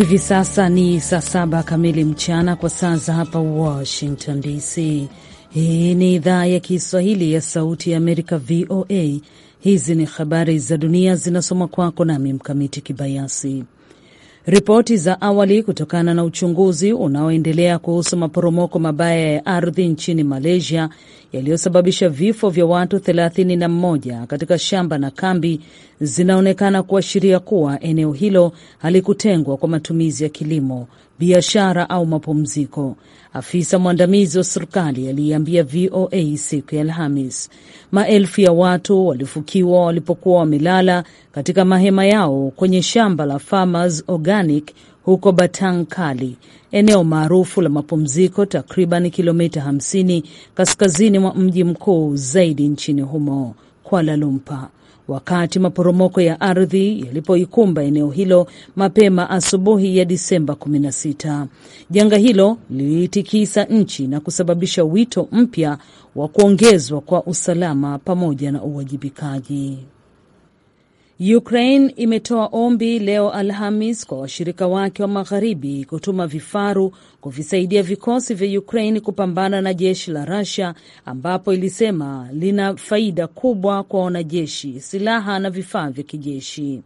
Hivi sasa ni saa saba kamili mchana kwa saa za hapa Washington DC. Hii ni idhaa ya Kiswahili ya Sauti ya Amerika, VOA. Hizi ni habari za dunia zinasoma kwako nami Mkamiti Kibayasi. Ripoti za awali kutokana na uchunguzi unaoendelea kuhusu maporomoko mabaya ya ardhi nchini Malaysia yaliyosababisha vifo vya watu 31 katika shamba na kambi zinaonekana kuashiria kuwa eneo hilo halikutengwa kwa matumizi ya kilimo, biashara au mapumziko. Afisa mwandamizi wa serikali aliiambia VOA siku ya Alhamis maelfu ya watu walifukiwa walipokuwa wamelala katika mahema yao kwenye shamba la Farmers Organic huko Batang Kali, eneo maarufu la mapumziko takriban kilomita 50 kaskazini mwa mji mkuu zaidi nchini humo, Kuala Lumpur. Wakati maporomoko ya ardhi yalipoikumba eneo hilo mapema asubuhi ya Disemba 16, janga hilo liliitikisa nchi na kusababisha wito mpya wa kuongezwa kwa usalama pamoja na uwajibikaji. Ukraine imetoa ombi leo Alhamis kwa washirika wake wa magharibi kutuma vifaru kuvisaidia vikosi vya Ukraine kupambana na jeshi la Russia ambapo ilisema lina faida kubwa kwa wanajeshi, silaha na vifaa vya kijeshi.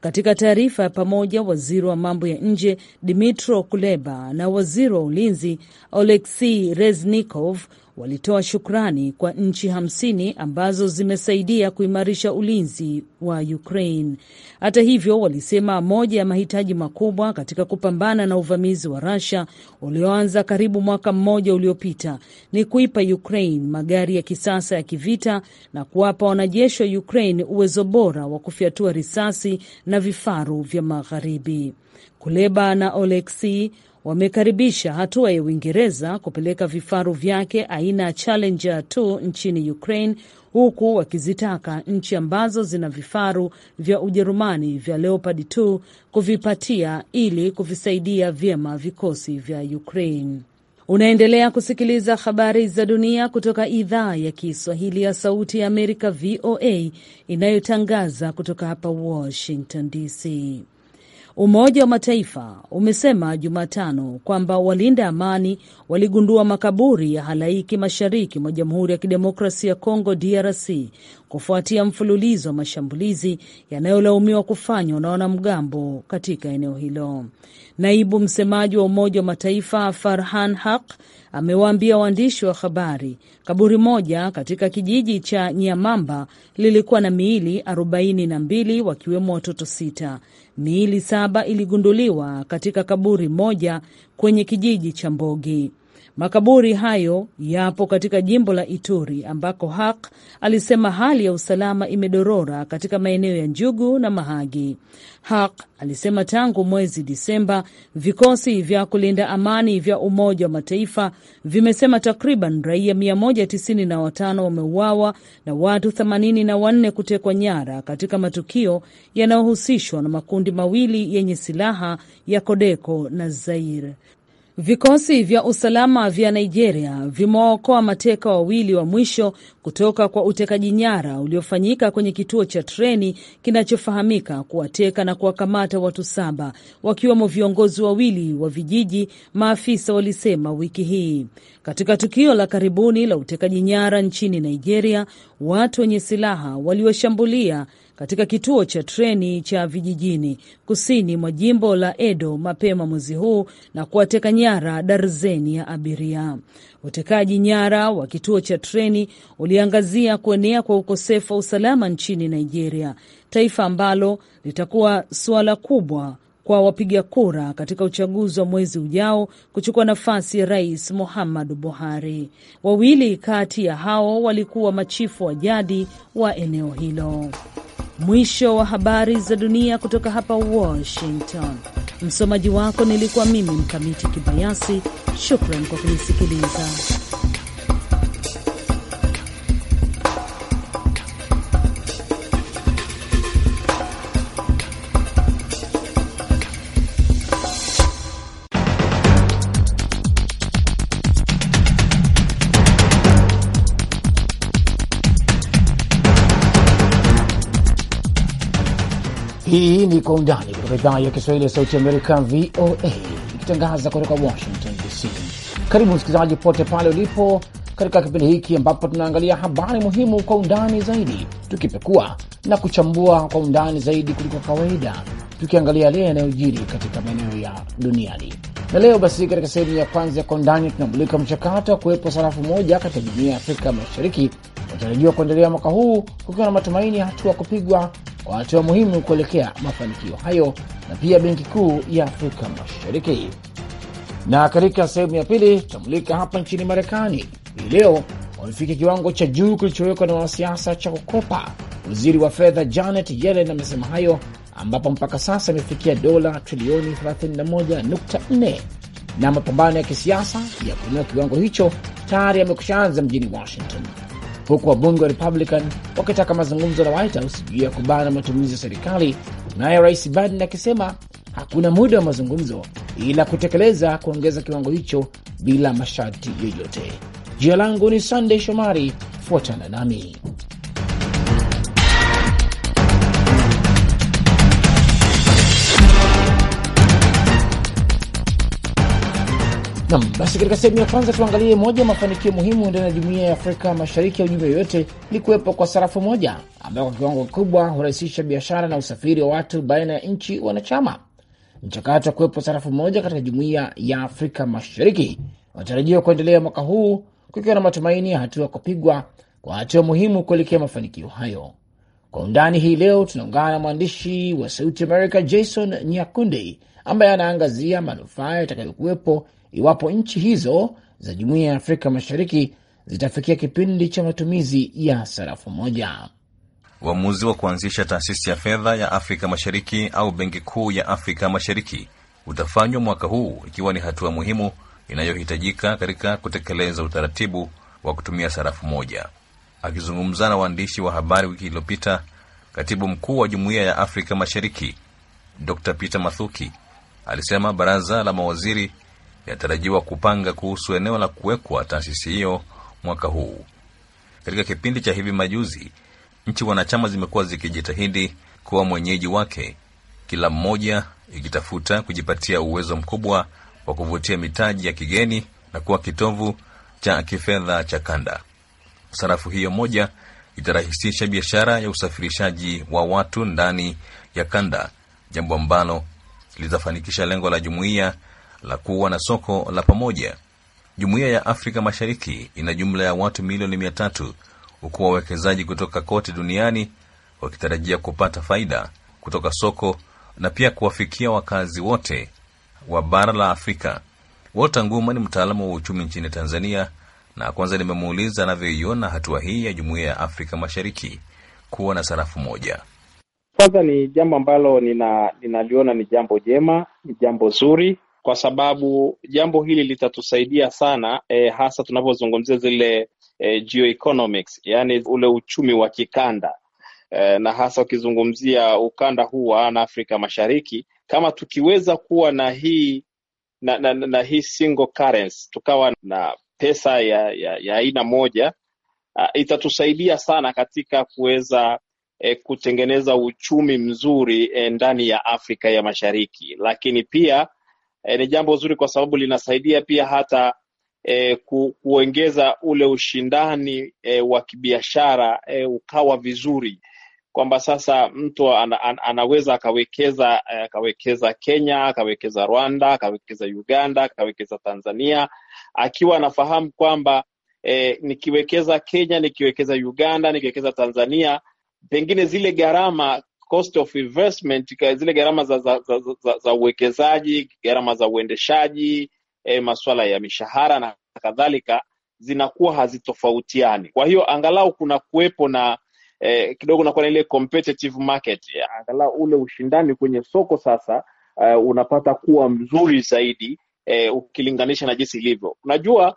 Katika taarifa ya pamoja, waziri wa mambo ya nje Dmytro Kuleba na waziri wa ulinzi Oleksii Reznikov walitoa shukrani kwa nchi hamsini ambazo zimesaidia kuimarisha ulinzi wa Ukraine. Hata hivyo, walisema moja ya mahitaji makubwa katika kupambana na uvamizi wa Russia ulioanza karibu mwaka mmoja uliopita ni kuipa Ukraine magari ya kisasa ya kivita na kuwapa wanajeshi wa Ukraine uwezo bora wa kufyatua risasi na vifaru vya magharibi. Kuleba na Oleksi wamekaribisha hatua ya Uingereza kupeleka vifaru vyake aina ya Challenger 2 nchini Ukraine, huku wakizitaka nchi ambazo zina vifaru vya Ujerumani vya Leopard 2 kuvipatia ili kuvisaidia vyema vikosi vya Ukraine. Unaendelea kusikiliza habari za dunia kutoka idhaa ya Kiswahili ya Sauti ya Amerika, VOA, inayotangaza kutoka hapa Washington DC. Umoja wa Mataifa umesema Jumatano kwamba walinda amani waligundua makaburi ya halaiki mashariki mwa Jamhuri ya Kidemokrasia ya Kongo DRC kufuatia mfululizo wa mashambulizi yanayolaumiwa kufanywa na wanamgambo katika eneo hilo. Naibu msemaji wa Umoja wa Mataifa Farhan Haq amewaambia waandishi wa habari, kaburi moja katika kijiji cha Nyamamba lilikuwa na miili 42 wakiwemo watoto sita. Miili saba iligunduliwa katika kaburi moja kwenye kijiji cha Mbogi. Makaburi hayo yapo katika jimbo la Ituri ambako hak alisema hali ya usalama imedorora katika maeneo ya Njugu na Mahagi. Haq alisema tangu mwezi Disemba vikosi vya kulinda amani vya Umoja wa Mataifa vimesema takriban raia 195 wameuawa na watu 84 kutekwa nyara katika matukio yanayohusishwa na makundi mawili yenye silaha ya Kodeko na Zaire. Vikosi vya usalama vya Nigeria vimewaokoa mateka wawili wa mwisho kutoka kwa utekaji nyara uliofanyika kwenye kituo cha treni kinachofahamika kuwateka na kuwakamata watu saba wakiwemo viongozi wawili wa vijiji, maafisa walisema wiki hii. Katika tukio la karibuni la utekaji nyara nchini Nigeria, watu wenye silaha waliwashambulia katika kituo cha treni cha vijijini kusini mwa jimbo la Edo mapema mwezi huu na kuwateka nyara darzeni ya abiria. Utekaji nyara wa kituo cha treni uliangazia kuenea kwa ukosefu wa usalama nchini Nigeria, taifa ambalo litakuwa suala kubwa kwa wapiga kura katika uchaguzi wa mwezi ujao kuchukua nafasi ya Rais Muhammadu Buhari. Wawili kati ya hao walikuwa machifu wa jadi wa eneo hilo. Mwisho wa habari za dunia kutoka hapa Washington. Msomaji wako nilikuwa mimi Mkamiti Kibayasi. Shukran kwa kunisikiliza. Kwa Undani kutoka idhaa ya Kiswahili ya Sauti Amerika, VOA, ikitangaza kutoka Washington DC. Karibu msikilizaji pote pale ulipo katika kipindi hiki ambapo tunaangalia habari muhimu kwa undani zaidi, tukipekua na kuchambua kwa undani zaidi kuliko kawaida, tukiangalia yale yanayojiri katika maeneo ya duniani. Na leo basi, katika sehemu ya kwanza ya Kwa Undani tunamulika mchakato wa kuwepo sarafu moja katika jumuia ya Afrika Mashariki unatarajiwa kuendelea mwaka huu, kukiwa na matumaini ya hatua kupigwa kwa hatua muhimu kuelekea mafanikio hayo na pia Benki Kuu ya Afrika Mashariki. Na katika sehemu ya pili tutamulika hapa nchini Marekani, hii leo wamefikia kiwango cha juu kilichowekwa na wanasiasa cha kukopa. Waziri wa fedha Janet Yellen amesema hayo, ambapo mpaka sasa imefikia dola trilioni 31.4 na mapambano ya kisiasa ya kuinua kiwango hicho tayari yamekushaanza mjini Washington huku wabunge wa Republican wakitaka mazungumzo na White House juu ya kubana matumizi ya serikali, naye Rais Biden akisema hakuna muda wa mazungumzo, ila kutekeleza kuongeza kiwango hicho bila masharti yoyote. Jina langu ni Sandey Shomari, fuatana nami. Nam, basi katika sehemu ya kwanza tuangalie moja ya mafanikio muhimu ndani ya jumuiya ya Afrika Mashariki ya ujumbe yoyote ni kuwepo kwa sarafu moja ambayo kwa kiwango kikubwa hurahisisha biashara na usafiri wa watu baina ya nchi wanachama. Mchakato wa kuwepo sarafu moja katika jumuiya ya Afrika Mashariki unatarajiwa kuendelea mwaka huu, kukiwa na matumaini ya hatua kupigwa kwa hatua muhimu kuelekea mafanikio hayo. Kwa undani hii leo tunaungana na mwandishi wa Sauti America Jason Nyakundi ambaye anaangazia manufaa yatakayokuwepo iwapo nchi hizo za Jumuiya ya Afrika Mashariki zitafikia kipindi cha matumizi ya sarafu moja. Uamuzi wa kuanzisha taasisi ya fedha ya Afrika Mashariki au Benki Kuu ya Afrika Mashariki utafanywa mwaka huu, ikiwa ni hatua muhimu inayohitajika katika kutekeleza utaratibu wa kutumia sarafu moja. Akizungumza na waandishi wa habari wiki iliyopita, katibu mkuu wa Jumuiya ya Afrika Mashariki Dr Peter Mathuki alisema baraza la mawaziri yanatarajiwa kupanga kuhusu eneo la kuwekwa taasisi hiyo mwaka huu. Katika kipindi cha hivi majuzi, nchi wanachama zimekuwa zikijitahidi kuwa mwenyeji wake, kila mmoja ikitafuta kujipatia uwezo mkubwa wa kuvutia mitaji ya kigeni na kuwa kitovu cha kifedha cha kanda. Sarafu hiyo moja itarahisisha biashara ya usafirishaji wa watu ndani ya kanda, jambo ambalo litafanikisha lengo la jumuiya la kuwa na soko la pamoja. Jumuiya ya Afrika Mashariki ina jumla ya watu milioni mia tatu huku wawekezaji kutoka kote duniani wakitarajia kupata faida kutoka soko na pia kuwafikia wakazi wote wa bara la Afrika. Walter Nguma ni mtaalamu wa uchumi nchini Tanzania, na kwanza nimemuuliza anavyoiona hatua hii ya jumuiya ya Afrika Mashariki kuwa na sarafu moja. Kwanza ni jambo ambalo ninaliona nina ni jambo jema, ni jambo zuri kwa sababu jambo hili litatusaidia sana e, hasa tunavyozungumzia zile e, geoeconomics, yaani ule uchumi wa kikanda e, na hasa ukizungumzia ukanda huu wa Afrika Mashariki, kama tukiweza kuwa na hii na, na, na, na hii single currency, tukawa na pesa ya, ya, ya aina moja uh, itatusaidia sana katika kuweza eh, kutengeneza uchumi mzuri eh, ndani ya Afrika ya Mashariki, lakini pia e, ni jambo zuri kwa sababu linasaidia pia hata e, ku, kuongeza ule ushindani e, wa kibiashara e, ukawa vizuri kwamba sasa mtu an, an, anaweza akawekeza akawekeza Kenya, akawekeza Rwanda, akawekeza Uganda, akawekeza Tanzania akiwa anafahamu kwamba e, nikiwekeza Kenya, nikiwekeza Uganda, nikiwekeza Tanzania, pengine zile gharama cost of investment, zile gharama za, za, za, za, za uwekezaji, gharama za uendeshaji, e, eh, masuala ya mishahara na kadhalika zinakuwa hazitofautiani. Kwa hiyo angalau kuna kuwepo na e, kidogo nakuwa na ile competitive market, angalau ule ushindani kwenye soko sasa e, unapata kuwa mzuri zaidi e, ukilinganisha na jinsi ilivyo. Unajua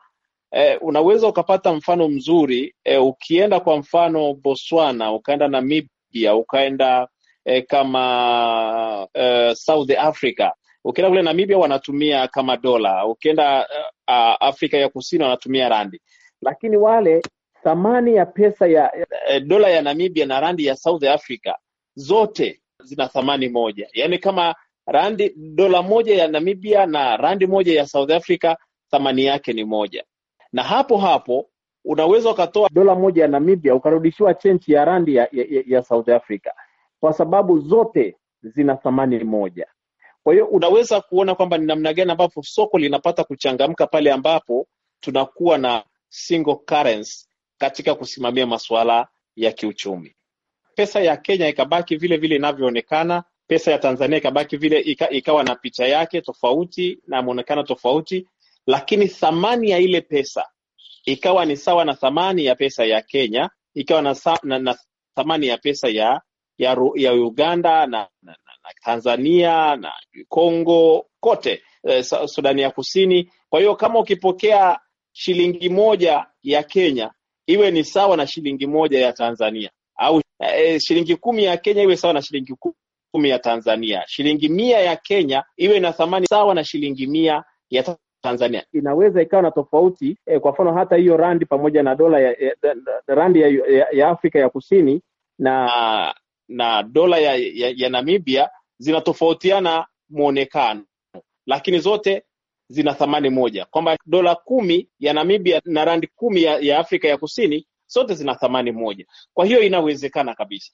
e, unaweza ukapata mfano mzuri e, ukienda kwa mfano Botswana, ukaenda Namibia, ukaenda eh, kama eh, South Africa. Ukienda kule Namibia wanatumia kama dola, ukienda uh, Afrika ya Kusini wanatumia randi, lakini wale thamani ya pesa ya eh, dola ya Namibia na randi ya South Africa zote zina thamani moja, yaani kama randi dola moja ya Namibia na randi moja ya South Africa thamani yake ni moja, na hapo hapo unaweza ukatoa dola moja ya Namibia ukarudishiwa chenji ya randi ya, ya, ya South Africa kwa sababu zote zina thamani moja. Kwa hiyo unaweza kuona kwamba ni namna gani ambapo soko linapata kuchangamka pale ambapo tunakuwa na single currency katika kusimamia masuala ya kiuchumi. Pesa ya Kenya ikabaki vile vile inavyoonekana, pesa ya Tanzania ikabaki vile ika, ikawa na picha yake tofauti na mwonekano tofauti, lakini thamani ya ile pesa ikawa ni sawa na thamani ya pesa ya Kenya, ikawa na, na, na thamani ya pesa ya ya, ya Uganda na, na, na Tanzania na congo kote eh, Sudani ya Kusini. Kwa hiyo kama ukipokea shilingi moja ya Kenya iwe ni sawa na shilingi moja ya Tanzania au eh, shilingi kumi ya Kenya iwe sawa na shilingi kumi ya Tanzania. Shilingi mia ya Kenya iwe na thamani sawa na shilingi mia ya Tanzania. Inaweza ikawa na tofauti eh, kwa mfano hata hiyo randi pamoja na dola ya, ya, randi ya, ya, ya Afrika ya Kusini na na dola ya, ya, ya Namibia zinatofautiana mwonekano, lakini zote zina thamani moja, kwamba dola kumi ya Namibia na randi kumi ya, ya Afrika ya Kusini zote zina thamani moja. Kwa hiyo inawezekana kabisa.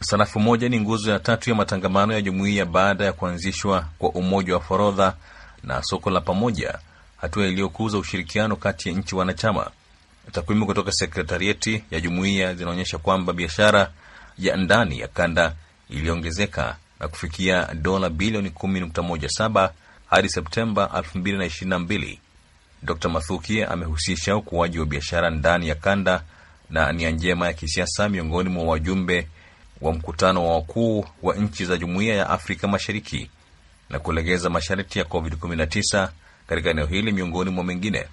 Sarafu moja ni nguzo ya tatu ya matangamano ya jumuiya baada ya kuanzishwa kwa umoja wa forodha na soko la pamoja, hatua iliyokuza ushirikiano kati ya nchi wanachama. Takwimu kutoka sekretarieti ya jumuiya zinaonyesha kwamba biashara ya ndani ya kanda iliongezeka na kufikia dola bilioni 10.17 hadi Septemba 2022. Dr Mathuki amehusisha ukuaji wa biashara ndani ya kanda na nia njema ya kisiasa miongoni mwa wajumbe wa mkutano wa wakuu wa nchi za Jumuiya ya Afrika Mashariki na kulegeza masharti ya COVID-19 katika eneo hili miongoni mwa mengine.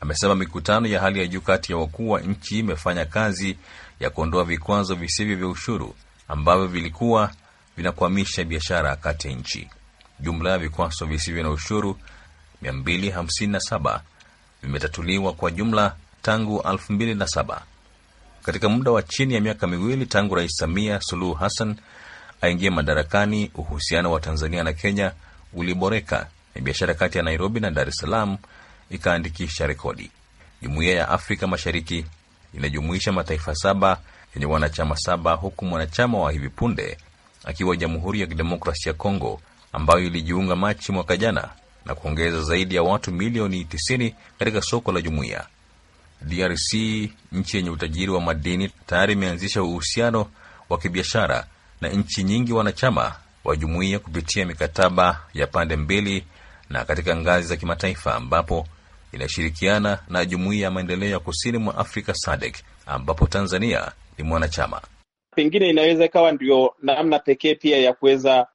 Amesema mikutano ya hali ya juu kati ya wakuu wa nchi imefanya kazi ya kuondoa vikwazo visivyo vya ushuru ambavyo vilikuwa vinakwamisha biashara kati ya nchi. Jumla ya vikwazo visivyo na ushuru 257 vimetatuliwa kwa jumla tangu 2007. Katika muda wa chini ya miaka miwili tangu Rais Samia Suluhu Hassan aingie madarakani, uhusiano wa Tanzania na Kenya uliboreka na biashara kati ya Nairobi na Dar es Salaam ikaandikisha rekodi. Jumuiya ya Afrika Mashariki inajumuisha mataifa saba yenye wanachama saba huku mwanachama wa hivi punde akiwa Jamhuri ya Kidemokrasia ya Kongo ambayo ilijiunga Machi mwaka jana na kuongeza zaidi ya watu milioni 90 katika soko la jumuiya. DRC, nchi yenye utajiri wa madini, tayari imeanzisha uhusiano wa kibiashara na nchi nyingi wanachama wa jumuiya kupitia mikataba ya pande mbili na katika ngazi za kimataifa ambapo inashirikiana na Jumuiya ya Maendeleo ya Kusini mwa Afrika SADC ambapo Tanzania ni mwanachama. Pengine inaweza ikawa ndio namna pekee pia ya kuweza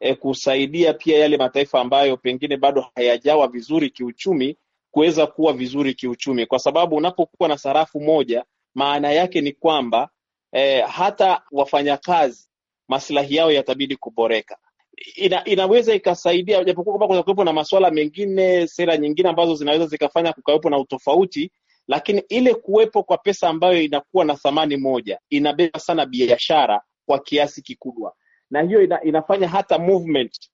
e, kusaidia pia yale mataifa ambayo pengine bado hayajawa vizuri kiuchumi kuweza kuwa vizuri kiuchumi, kwa sababu unapokuwa na sarafu moja, maana yake ni kwamba e, hata wafanyakazi maslahi yao yatabidi kuboreka ina, inaweza ikasaidia, japokuwa kwamba kuna kuwepo na masuala mengine, sera nyingine ambazo zinaweza zikafanya kukawepo na utofauti, lakini ile kuwepo kwa pesa ambayo inakuwa na thamani moja inabeba sana biashara kwa kiasi kikubwa, na hiyo ina, inafanya hata movement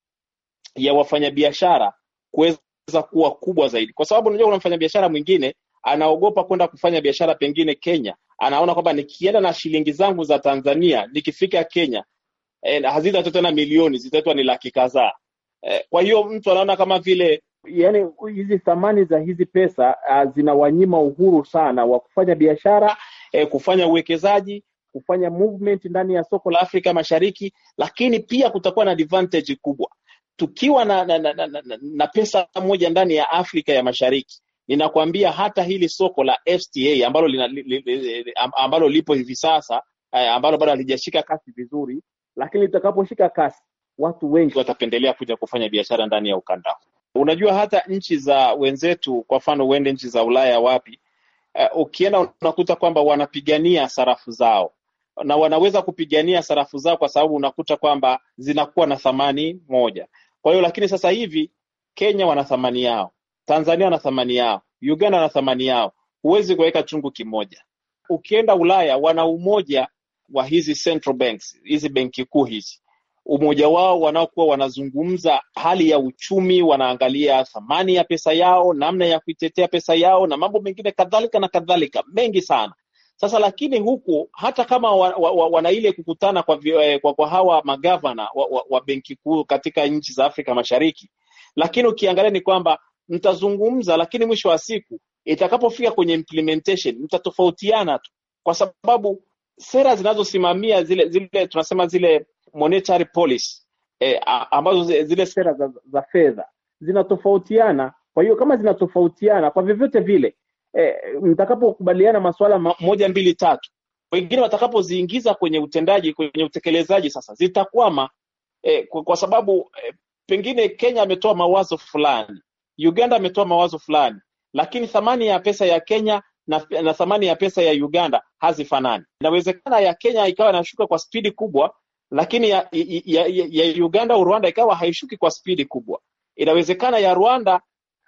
ya wafanyabiashara kuweza kuwa kubwa zaidi, kwa sababu unajua kuna mfanyabiashara mwingine anaogopa kwenda kufanya biashara pengine Kenya, anaona kwamba nikienda na shilingi zangu za Tanzania nikifika Kenya eh, hazitatwa tena milioni, zitaitwa ni laki kadhaa. Eh, kwa hiyo mtu anaona kama vile yani hizi thamani za hizi pesa uh, zinawanyima uhuru sana wa kufanya biashara eh, kufanya uwekezaji kufanya movement ndani ya soko la Afrika Mashariki, lakini pia kutakuwa na advantage kubwa tukiwa na, na, na, na, na pesa moja ndani ya Afrika ya Mashariki. Ninakwambia hata hili soko la FTA ambalo, lina, li, li, ambalo lipo hivi sasa eh, ambalo bado halijashika kasi vizuri lakini itakaposhika kasi, watu wengi watapendelea kuja kufanya biashara ndani ya ukanda huu. Unajua, hata nchi za wenzetu, kwa mfano uende nchi za Ulaya wapi, uh, ukienda unakuta kwamba wanapigania sarafu zao na wanaweza kupigania sarafu zao kwa sababu unakuta kwamba zinakuwa na thamani moja. Kwa hiyo lakini sasa hivi Kenya wana thamani yao, Tanzania wana thamani yao, Uganda wana thamani yao, huwezi kuweka chungu kimoja. Ukienda Ulaya wana umoja wa hizi central banks, hizi benki kuu hizi, umoja wao wanaokuwa wanazungumza hali ya uchumi, wanaangalia thamani ya pesa yao, namna ya kuitetea pesa yao na mambo mengine kadhalika na kadhalika, mengi sana. Sasa lakini huku hata kama wa, wa, wa, wana ile kukutana kwa, eh, kwa, kwa hawa magavana wa, wa, wa benki kuu katika nchi za Afrika Mashariki, lakini ukiangalia ni kwamba mtazungumza, lakini mwisho wa siku itakapofika kwenye implementation mtatofautiana tu, kwa sababu sera zinazosimamia zile zile tunasema zile monetary policy eh, ambazo zile sera za, za fedha zinatofautiana. Kwa hiyo kama zinatofautiana kwa vyovyote vile eh, mtakapokubaliana masuala ma, moja mbili tatu, wengine watakapoziingiza kwenye utendaji kwenye utekelezaji sasa zitakwama eh, kwa, kwa sababu eh, pengine Kenya ametoa mawazo fulani, Uganda ametoa mawazo fulani, lakini thamani ya pesa ya Kenya na, na thamani ya pesa ya Uganda hazifanani. Inawezekana ya Kenya ikawa inashuka kwa spidi kubwa, lakini ya, ya, ya, ya Uganda au Rwanda ikawa haishuki kwa spidi kubwa. Inawezekana ya Rwanda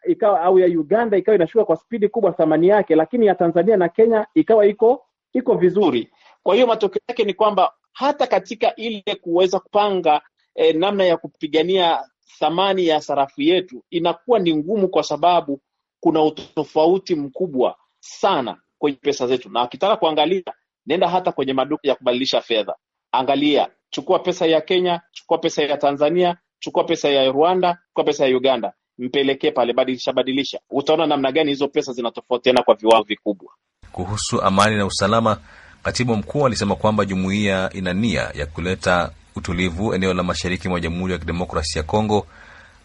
ikawa au ya Uganda ikawa inashuka kwa spidi kubwa thamani yake, lakini ya Tanzania na Kenya ikawa iko iko vizuri. Kwa hiyo matokeo yake ni kwamba hata katika ile kuweza kupanga eh, namna ya kupigania thamani ya sarafu yetu inakuwa ni ngumu, kwa sababu kuna utofauti mkubwa sana kwenye pesa zetu, na akitaka kuangalia, nenda hata kwenye maduka ya kubadilisha fedha, angalia, chukua pesa ya Kenya, chukua pesa ya Tanzania, chukua pesa ya Rwanda, chukua pesa ya Uganda, mpelekee pale, badilisha badilisha, utaona namna gani hizo pesa zinatofautiana kwa viwango vikubwa. Kuhusu amani na usalama, katibu mkuu alisema kwamba jumuiya ina nia ya kuleta utulivu eneo la mashariki mwa Jamhuri ya Kidemokrasia ya Kongo,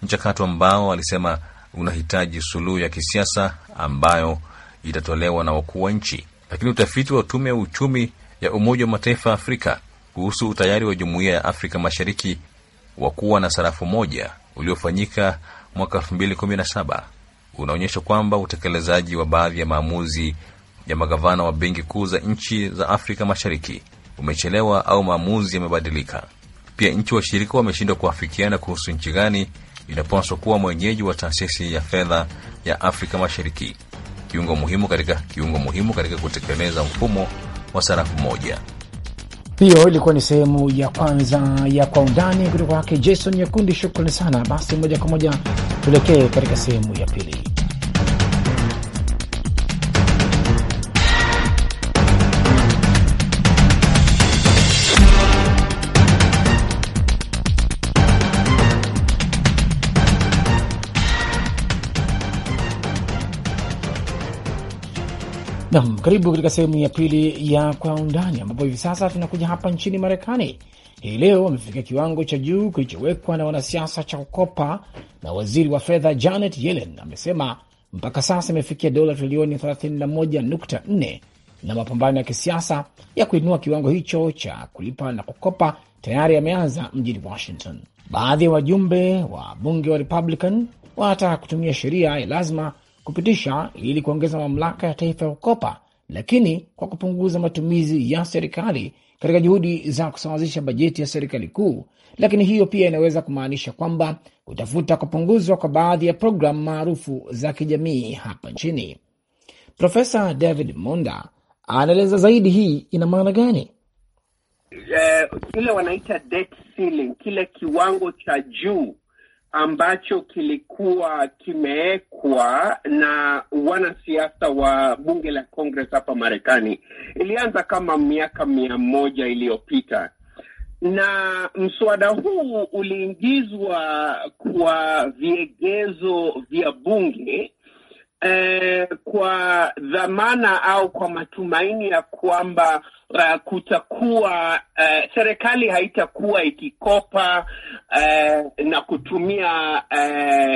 mchakato ambao alisema unahitaji suluhu ya kisiasa ambayo itatolewa na wakuu wa nchi. Lakini utafiti wa tume ya uchumi ya Umoja wa Mataifa ya Afrika kuhusu utayari wa Jumuiya ya Afrika Mashariki wa kuwa na sarafu moja uliofanyika mwaka 2017 unaonyesha kwamba utekelezaji wa baadhi ya maamuzi ya magavana wa benki kuu za nchi za Afrika Mashariki umechelewa au maamuzi yamebadilika. Pia nchi washirika wameshindwa kuafikiana kuhusu nchi gani inapaswa kuwa mwenyeji wa taasisi ya fedha ya Afrika Mashariki kiungo muhimu katika kiungo muhimu katika kutekeleza mfumo wa sarafu moja. Hiyo ilikuwa ni sehemu ya kwanza ya Kwa Undani kutoka kwake Jason Nyakundi. Shukrani sana. Basi moja kwa moja tuelekee katika sehemu ya pili. Nam, karibu katika sehemu ya pili ya kwa undani, ambapo hivi sasa tunakuja hapa nchini Marekani. Hii leo wamefikia kiwango cha juu kilichowekwa na wanasiasa cha kukopa, na waziri wa fedha Janet Yellen amesema mpaka sasa imefikia dola trilioni 31.4 na mapambano ya kisiasa ya kuinua kiwango hicho cha kulipa na kukopa tayari yameanza mjini Washington. Baadhi ya wajumbe wa bunge wa Republican wanataka kutumia sheria ya lazima kupitisha ili kuongeza mamlaka ya taifa ya kukopa, lakini kwa kupunguza matumizi ya serikali katika juhudi za kusawazisha bajeti ya serikali kuu. Lakini hiyo pia inaweza kumaanisha kwamba kutafuta kupunguzwa kwa baadhi ya programu maarufu za kijamii hapa nchini. Profesa David Monda anaeleza zaidi, hii ina maana gani? Eh, kile wanaita debt ceiling, kile kiwango cha juu ambacho kilikuwa kimewekwa na wanasiasa wa bunge la Congress hapa Marekani ilianza kama miaka mia moja iliyopita, na mswada huu uliingizwa kwa viegezo vya bunge eh, kwa dhamana au kwa matumaini ya kwamba uh, kutakuwa uh, serikali haitakuwa ikikopa uh, na kutumia uh,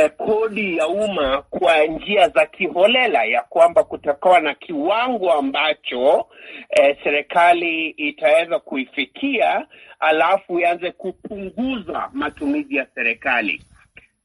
uh, kodi ya umma kwa njia za kiholela, ya kwamba kutakuwa na kiwango ambacho uh, serikali itaweza kuifikia alafu ianze kupunguza matumizi ya serikali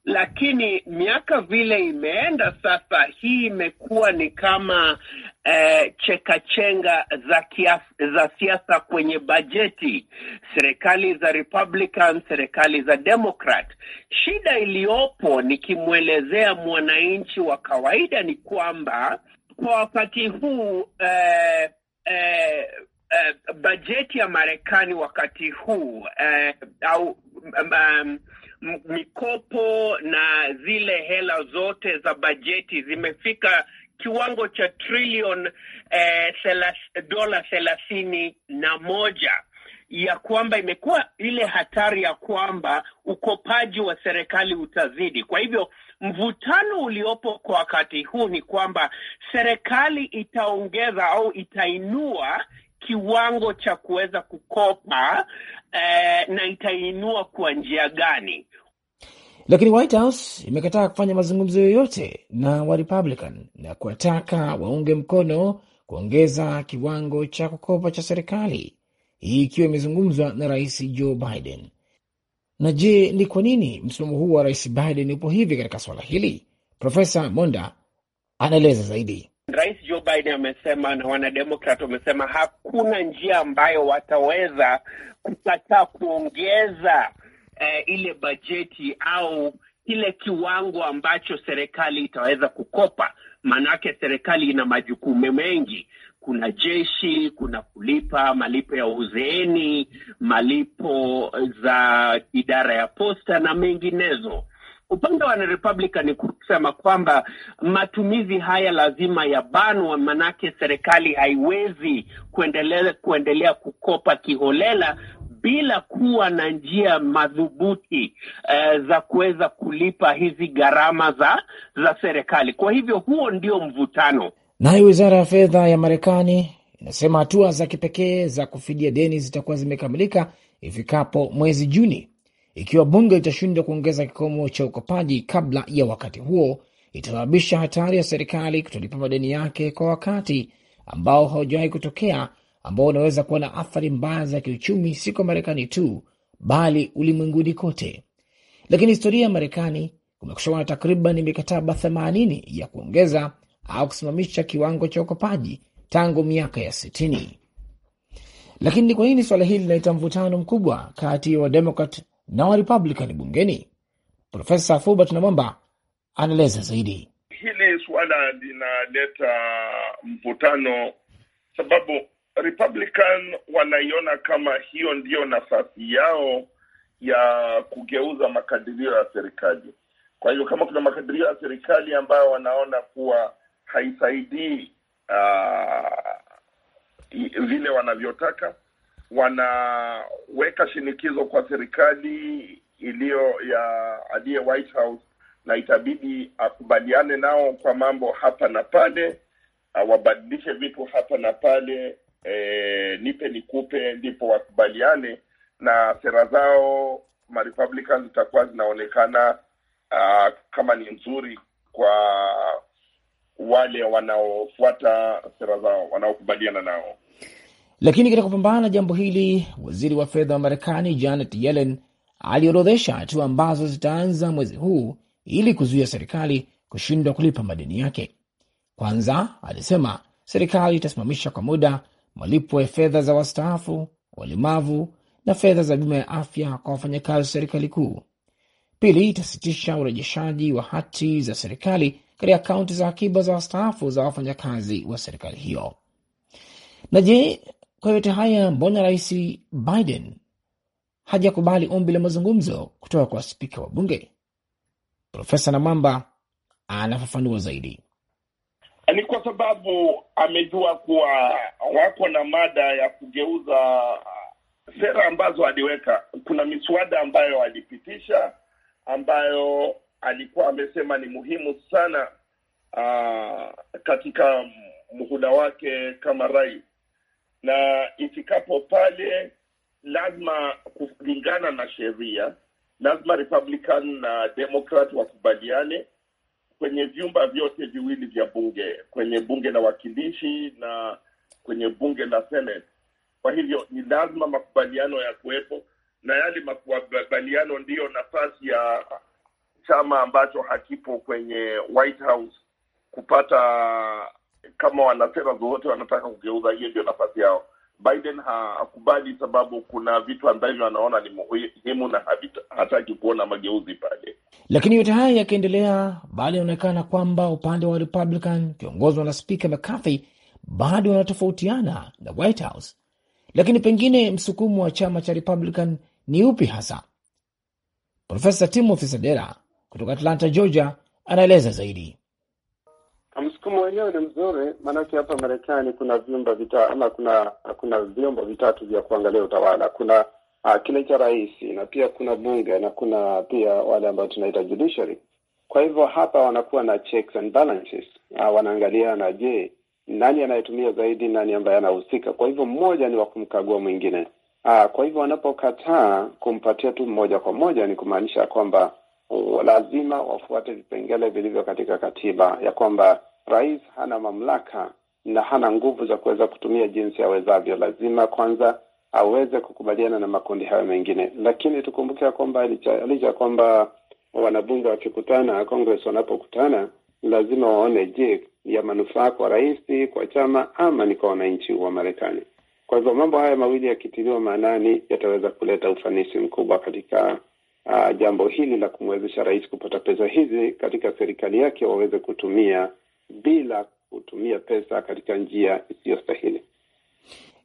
lakini miaka vile imeenda sasa, hii imekuwa ni kama eh, chekachenga za kiaf, za siasa kwenye bajeti, serikali za Republican, serikali za Democrat. Shida iliyopo nikimwelezea mwananchi wa kawaida ni kwamba kwa wakati huu eh, eh, uh, bajeti ya Marekani wakati huu uh, au um, mikopo na zile hela zote za bajeti zimefika kiwango cha trilion eh, dola thelathini na moja ya kwamba imekuwa ile hatari ya kwamba ukopaji wa serikali utazidi. Kwa hivyo mvutano uliopo kwa wakati huu ni kwamba serikali itaongeza au itainua kiwango cha kuweza kukopa eh, na itainua kwa njia gani? Lakini White House imekataa kufanya mazungumzo yoyote na Warepublican na kuwataka waunge mkono kuongeza kiwango cha kukopa cha serikali, hii ikiwa imezungumzwa na Rais Joe Biden. Na je, ni kwa nini msimamo huu wa Rais Biden upo hivi katika swala hili? Profesa Monda anaeleza zaidi. Rais Joe Biden amesema na wanademokrat wamesema hakuna njia ambayo wataweza kukataa kuongeza eh, ile bajeti au kile kiwango ambacho serikali itaweza kukopa. Maanake serikali ina majukumu mengi, kuna jeshi, kuna kulipa malipo ya uzeeni, malipo za idara ya posta na menginezo upande wa Republican ni kusema kwamba matumizi haya lazima ya banwa manake serikali haiwezi kuendelea, kuendelea kukopa kiholela bila kuwa na njia madhubuti uh, za kuweza kulipa hizi gharama za za serikali. Kwa hivyo huo ndio mvutano. Naye wizara ya fedha ya Marekani inasema hatua za kipekee za kufidia deni zitakuwa zimekamilika ifikapo mwezi Juni, ikiwa bunge litashindwa kuongeza kikomo cha ukopaji kabla ya wakati huo, itasababisha hatari ya serikali kutolipa madeni yake kwa wakati ambao haujawahi kutokea, ambao unaweza kuwa na athari mbaya za kiuchumi, si kwa Marekani tu bali ulimwenguni kote. Lakini historia ya Marekani kumekuwa na takriban mikataba 80 ya kuongeza au kusimamisha kiwango cha ukopaji tangu miaka ya 60. Lakini kwa nini suala hili linaita mvutano mkubwa kati ya Wademokrat na Warepublikani bungeni. Profesa Fulbert Namwamba anaeleza zaidi. Hili suala linaleta mvutano, sababu Republican wanaiona kama hiyo ndiyo nafasi yao ya kugeuza makadirio ya serikali. Kwa hivyo kama kuna makadirio ya serikali ambayo wanaona kuwa haisaidii uh, vile wanavyotaka wanaweka shinikizo kwa serikali iliyo ya aliye White House na itabidi akubaliane nao kwa mambo hapa na pale, awabadilishe vitu hapa na pale, e, nipe nikupe, ndipo wakubaliane na sera zao Marepublican zitakuwa zinaonekana kama ni nzuri kwa wale wanaofuata sera zao wanaokubaliana nao. Lakini katika kupambana na jambo hili, waziri wa fedha wa Marekani Janet Yellen aliorodhesha hatua ambazo zitaanza mwezi huu ili kuzuia serikali kushindwa kulipa madeni yake. Kwanza alisema serikali itasimamisha kwa muda malipo ya fedha za wastaafu, walemavu na fedha za bima ya afya kwa wafanyakazi wa serikali kuu. Pili, itasitisha urejeshaji wa hati za serikali katika akaunti za akiba za wastaafu za wafanyakazi wa serikali hiyo. Na je, kwa yote haya, mbona Rais Biden hajakubali ombi la mazungumzo kutoka kwa spika wa bunge? Profesa Namwamba anafafanua zaidi. Ni kwa sababu amejua kuwa wako na mada ya kugeuza sera ambazo aliweka. Kuna miswada ambayo alipitisha ambayo alikuwa amesema ni muhimu sana uh, katika muhula wake kama rais, na ifikapo pale lazima kulingana na sheria, lazima Republican na Democrat wakubaliane kwenye vyumba vyote viwili vya bunge, kwenye bunge la wakilishi na kwenye bunge la Senate. Kwa hivyo ni lazima makubaliano ya kuwepo, na yale makubaliano ndiyo nafasi ya chama ambacho hakipo kwenye White House kupata kama wanasema zowote wanataka kugeuza, hiyo ndio nafasi yao. Biden hakubali sababu kuna vitu ambavyo anaona ni muhimu na hataki kuona mageuzi pale. Lakini yote haya yakiendelea, bado inaonekana kwamba upande wa Republican kiongozwa na Spika McCarthy bado wanatofautiana na White House. Lakini pengine msukumo wa chama cha Republican ni upi hasa? Profesa Timothy Sadera kutoka Atlanta, Georgia, anaeleza zaidi. Ah, msukumo wenyewe ni mzuri, maanake hapa Marekani kuna vyumba vita ama kuna kuna vyombo vitatu vya kuangalia utawala. Kuna uh, kile cha rais na pia kuna bunge na kuna pia wale ambao tunaita judiciary. Kwa hivyo hapa wanakuwa na checks and balances uh, ah, wanaangalia na je, nani anayetumia zaidi, nani ambaye anahusika. Kwa hivyo mmoja ni wa kumkagua mwingine. Uh, kwa hivyo wanapokataa kumpatia tu mmoja kwa moja ni kumaanisha kwamba lazima wafuate vipengele vilivyo katika katiba ya kwamba rais hana mamlaka na hana nguvu za kuweza kutumia jinsi awezavyo. Lazima kwanza aweze kukubaliana na makundi hayo mengine, lakini tukumbuke kwamba licha ya kwamba wanabunge wakikutana, kongres wanapokutana, lazima waone, je, ya manufaa kwa rais, kwa chama ama ni kwa wananchi wa Marekani? Kwa hivyo mambo haya mawili yakitiliwa maanani, yataweza kuleta ufanisi mkubwa katika jambo hili la kumwezesha rais kupata pesa hizi katika serikali yake waweze kutumia bila kutumia pesa katika njia isiyostahili.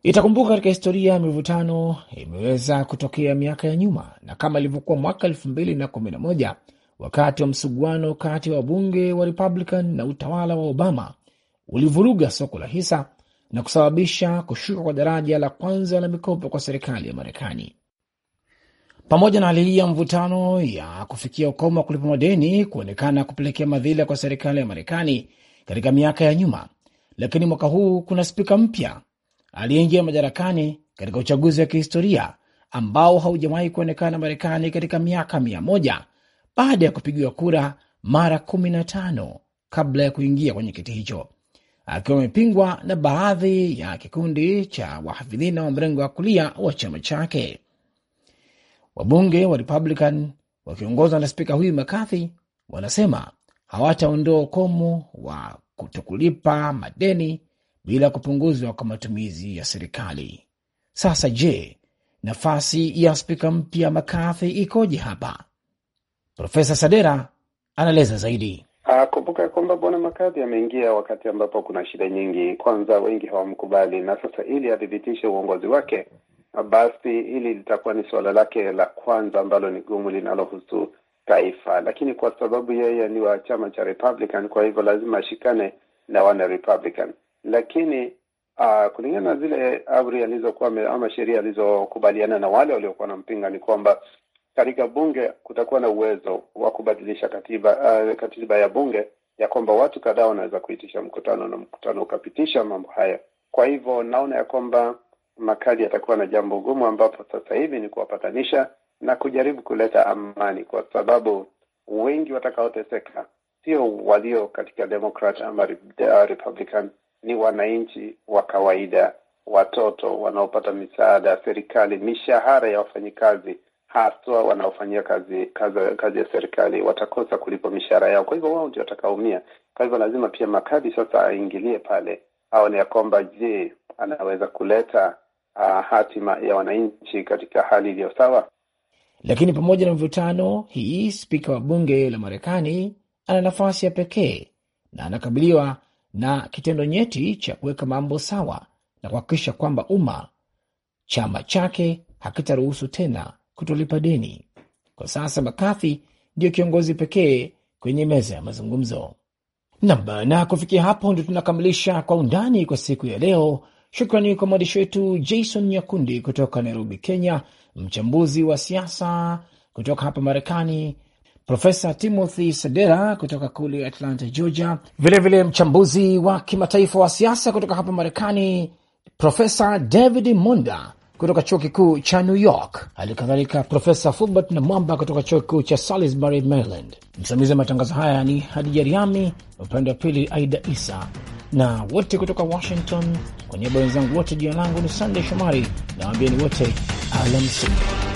Itakumbuka katika historia ya mivutano imeweza kutokea miaka ya nyuma, na kama ilivyokuwa mwaka elfu mbili na kumi na moja wakati wa msuguano kati ya wabunge wa Republican na utawala wa Obama ulivuruga soko la hisa na kusababisha kushuka kwa daraja la kwanza la mikopo kwa serikali ya Marekani pamoja na hali ya mvutano ya kufikia ukomo wa kulipa madeni kuonekana kupelekea madhila kwa serikali ya Marekani katika miaka ya nyuma, lakini mwaka huu kuna spika mpya aliyeingia madarakani katika uchaguzi wa kihistoria ambao haujawahi kuonekana Marekani katika miaka mia moja baada ya kupigiwa kura mara kumi na tano kabla ya kuingia kwenye kiti hicho, akiwa amepingwa na baadhi ya kikundi cha wahafidhina wa mrengo wa kulia wa chama chake. Wabunge wa Republican wakiongozwa na spika huyu McCarthy wanasema hawataondoa ukomo wa kutokulipa madeni bila kupunguzwa kwa matumizi ya serikali. Sasa je, nafasi ya spika mpya McCarthy ikoje hapa? Profesa Sadera anaeleza zaidi. Ah, kumbuka kwamba bwana Makadhi ameingia wakati ambapo kuna shida nyingi. Kwanza wengi hawamkubali, na sasa ili athibitishe uongozi wake Ah, basi hili litakuwa ni suala lake la kwanza ambalo ni gumu linalohusu taifa, lakini kwa sababu yeye ni wa chama cha Republican, kwa hivyo lazima ashikane na wana Republican. Lakini uh, kulingana na zile amri alizokuwa ama sheria alizokubaliana na wale waliokuwa wanampinga ni kwamba katika bunge kutakuwa na uwezo wa kubadilisha katiba, uh, katiba ya bunge ya kwamba watu kadhaa wanaweza kuitisha mkutano na mkutano ukapitisha mambo haya. Kwa hivyo naona ya kwamba makali yatakuwa na jambo gumu, ambapo sasa hivi ni kuwapatanisha na kujaribu kuleta amani, kwa sababu wengi watakaoteseka sio walio katika Democrat ama uh, Republican, ni wananchi wa kawaida, watoto wanaopata misaada ya serikali, mishahara ya wafanyikazi haswa wanaofanyia kazi, kazi kazi ya serikali watakosa kulipa mishahara yao, kwa hivyo wao ndio watakaumia. Kwa hivyo lazima pia makadi sasa aingilie pale, aone ya kwamba je, anaweza kuleta uh, hatima ya wananchi katika hali iliyo sawa. Lakini pamoja na mvutano hii, spika wa bunge la Marekani ana nafasi ya pekee na anakabiliwa na kitendo nyeti cha kuweka mambo sawa na kuhakikisha kwamba umma chama chake hakitaruhusu tena kutolipa deni. Kwa sasa McCarthy ndiyo kiongozi pekee kwenye meza ya mazungumzo. Nam, na kufikia hapo ndio tunakamilisha kwa undani kwa siku ya leo. Shukrani kwa mwandishi wetu Jason Nyakundi kutoka Nairobi, Kenya, mchambuzi wa siasa kutoka hapa Marekani, Profesa Timothy Sedera kutoka kule Atlanta, Georgia, vilevile vile mchambuzi wa kimataifa wa siasa kutoka hapa Marekani, Profesa David Monda kutoka chuo kikuu cha New York, hali kadhalika Profesa Fulbert na Mwamba kutoka chuo kikuu cha Salisbury, Maryland. Msimamizi wa matangazo haya ni Hadija Riami, upande wa pili Aida Isa na wote kutoka Washington. Kwa niaba ya wenzangu wote, jina langu ni Sandey Shomari na waambieni wote alamsiki.